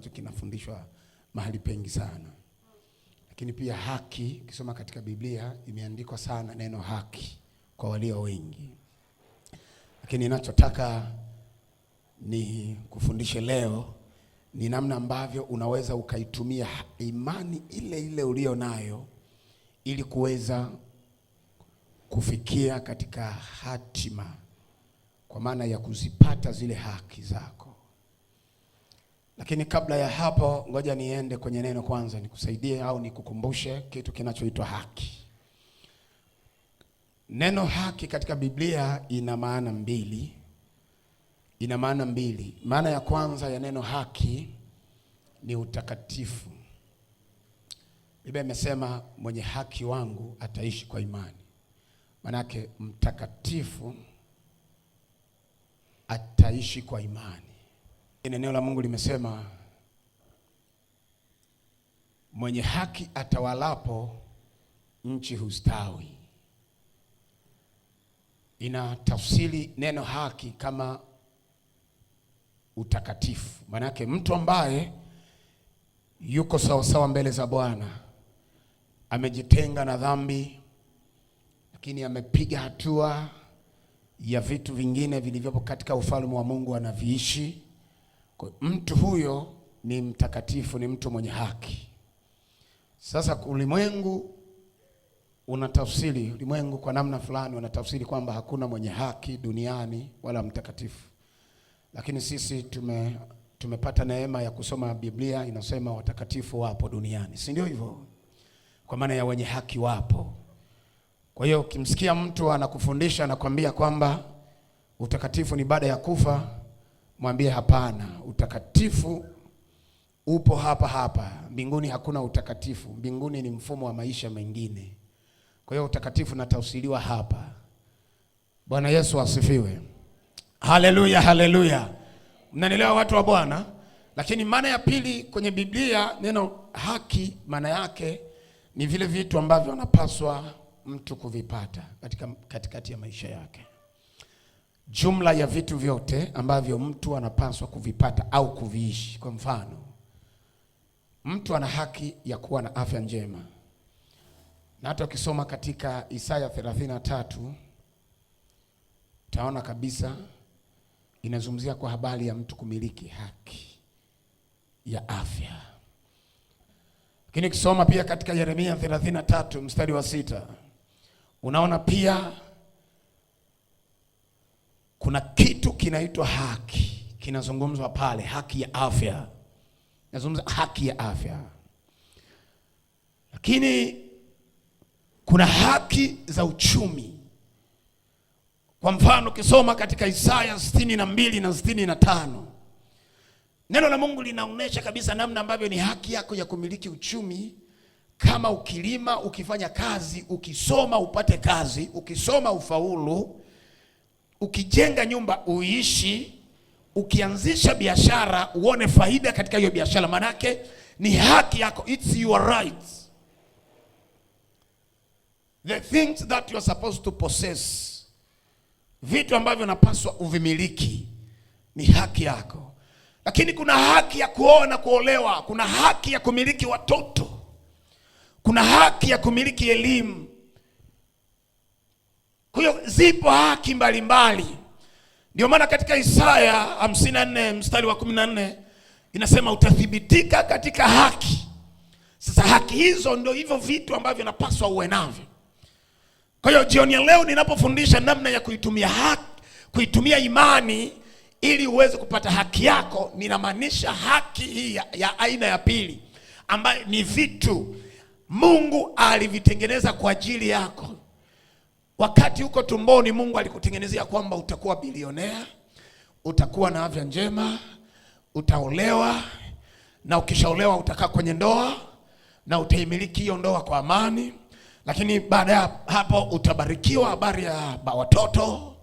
ambacho kinafundishwa mahali pengi sana, lakini pia haki. Ukisoma katika Biblia imeandikwa sana neno haki kwa walio wengi, lakini ninachotaka ni kufundishe leo ni namna ambavyo unaweza ukaitumia imani ile ile ulio nayo ili kuweza kufikia katika hatima, kwa maana ya kuzipata zile haki zako. Lakini kabla ya hapo, ngoja niende kwenye neno kwanza, nikusaidie au nikukumbushe kitu kinachoitwa haki. Neno haki katika Biblia ina maana mbili, ina maana mbili. Maana ya kwanza ya neno haki ni utakatifu. Biblia imesema mwenye haki wangu ataishi kwa imani. Manake mtakatifu ataishi kwa imani. Neno la Mungu limesema mwenye haki atawalapo nchi hustawi. Ina tafsiri neno haki kama utakatifu, maanake mtu ambaye yuko sawasawa mbele za Bwana, amejitenga na dhambi, lakini amepiga hatua ya vitu vingine vilivyopo katika ufalme wa Mungu anaviishi mtu huyo ni mtakatifu, ni mtu mwenye haki. Sasa ulimwengu unatafsiri, ulimwengu kwa namna fulani unatafsiri kwamba hakuna mwenye haki duniani wala mtakatifu, lakini sisi tume tumepata neema ya kusoma Biblia inasema watakatifu wapo duniani, si ndio hivyo? Kwa maana ya wenye haki wapo. Kwa hiyo ukimsikia mtu anakufundisha anakwambia kwamba utakatifu ni baada ya kufa Mwambie hapana, utakatifu upo hapa hapa. Mbinguni hakuna utakatifu. Mbinguni ni mfumo wa maisha mengine. Kwa hiyo utakatifu natafsiriwa hapa. Bwana Yesu asifiwe. Haleluya, haleluya. Mnanielewa watu wa Bwana? Lakini maana ya pili kwenye Biblia neno haki maana yake ni vile vitu ambavyo anapaswa mtu kuvipata katika katikati ya maisha yake jumla ya vitu vyote ambavyo mtu anapaswa kuvipata au kuviishi. Kwa mfano, mtu ana haki ya kuwa na afya njema, na hata ukisoma katika Isaya 33 utaona kabisa inazungumzia kwa habari ya mtu kumiliki haki ya afya. Lakini ukisoma pia katika Yeremia 33 mstari wa sita unaona pia kuna kitu kinaitwa haki kinazungumzwa pale, haki ya afya, nazungumza haki ya afya, lakini kuna haki za uchumi. Kwa mfano, ukisoma katika Isaya sitini na mbili na sitini na tano neno la Mungu linaonyesha kabisa namna ambavyo ni haki yako ya kumiliki uchumi kama ukilima, ukifanya kazi, ukisoma upate kazi, ukisoma ufaulu ukijenga nyumba uishi, ukianzisha biashara uone faida katika hiyo biashara, manake ni haki yako, it's your right. The things that you are supposed to possess, vitu ambavyo unapaswa uvimiliki ni haki yako, lakini kuna haki ya kuoa na kuolewa, kuna haki ya kumiliki watoto, kuna haki ya kumiliki elimu kwa hiyo zipo haki mbalimbali, ndio maana katika Isaya 54 mstari wa 14 inasema utathibitika katika haki. Sasa haki hizo ndio hivyo vitu ambavyo napaswa uwe navyo. Kwa hiyo jioni ya leo ninapofundisha namna ya kuitumia haki, kuitumia imani ili uweze kupata haki yako, ninamaanisha haki hii ya, ya aina ya pili ambayo ni vitu Mungu alivitengeneza kwa ajili yako. Wakati huko tumboni, Mungu alikutengenezea kwamba utakuwa bilionea, utakuwa na afya njema, utaolewa na ukishaolewa utakaa kwenye ndoa na utaimiliki hiyo ndoa kwa amani, lakini baada ya hapo utabarikiwa habari ya watoto,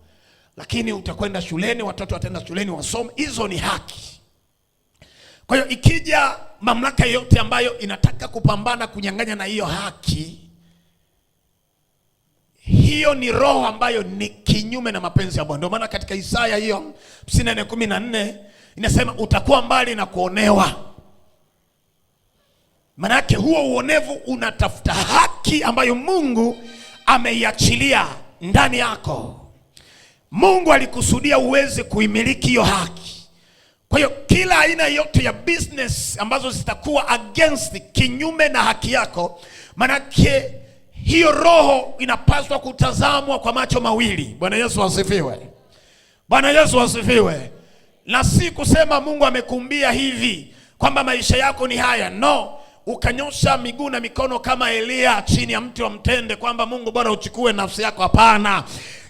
lakini utakwenda shuleni, watoto wataenda shuleni wasome. Hizo ni haki. Kwa hiyo ikija mamlaka yote ambayo inataka kupambana kunyang'anya na hiyo haki hiyo ni roho ambayo ni kinyume na mapenzi ya Bwana. Ndio maana katika Isaya hiyo 54:14 inasema utakuwa mbali na kuonewa. Maana yake huo uonevu unatafuta haki ambayo Mungu ameiachilia ndani yako. Mungu alikusudia uweze kuimiliki hiyo haki. Kwa hiyo kila aina yote ya business ambazo zitakuwa against, kinyume na haki yako, maanake hiyo roho inapaswa kutazamwa kwa macho mawili. Bwana Yesu asifiwe! Bwana Yesu asifiwe! Na si kusema Mungu amekumbia hivi kwamba maisha yako ni haya, no ukanyosha miguu na mikono kama Elia chini ya mti wa mtende, kwamba Mungu Bwana uchukue nafsi yako. Hapana,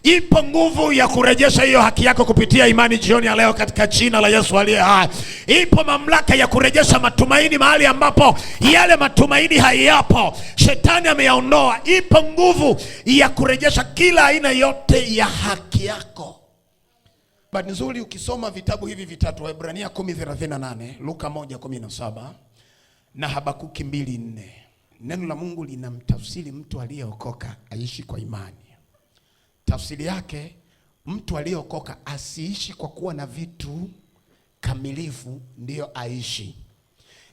ipo nguvu ya kurejesha hiyo haki yako kupitia imani jioni ya leo katika jina la Yesu aliye hai. Ipo mamlaka ya kurejesha matumaini mahali ambapo yale matumaini hayapo, shetani ameyaondoa. Ipo nguvu ya kurejesha kila aina yote ya haki yako. Bahati nzuri ukisoma vitabu hivi vitatu, Waebrania 10:38, Luka 1:17 na Habakuki mbili nne. Neno la Mungu linamtafsiri mtu aliyeokoka aishi kwa imani. Tafsiri yake mtu aliyeokoka asiishi kwa kuwa na vitu kamilifu ndiyo aishi,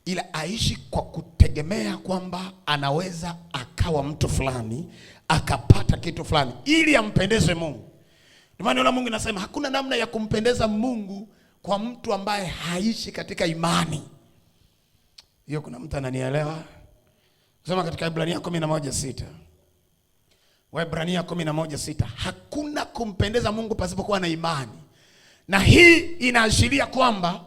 ila aishi kwa kutegemea kwamba anaweza akawa mtu fulani akapata kitu fulani ili ampendeze Mungu. Ndio maana Mungu anasema hakuna namna ya kumpendeza Mungu kwa mtu ambaye haishi katika imani hiyo. Kuna mtu ananielewa? sema katika Ibrania kumi na moja sita. Waibrania kumi na moja sita. Hakuna kumpendeza Mungu pasipokuwa na imani, na hii inaashiria kwamba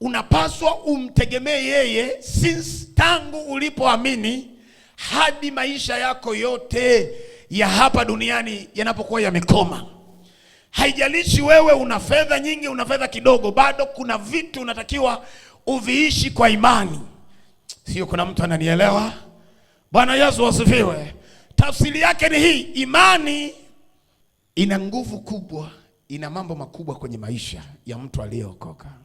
unapaswa umtegemee yeye since tangu ulipoamini hadi maisha yako yote ya hapa duniani yanapokuwa yamekoma. Haijalishi wewe una fedha nyingi, una fedha kidogo, bado kuna vitu unatakiwa uviishi kwa imani. Sio kuna mtu ananielewa? Bwana Yesu asifiwe. Tafsiri yake ni hii, imani ina nguvu kubwa, ina mambo makubwa kwenye maisha ya mtu aliyeokoka.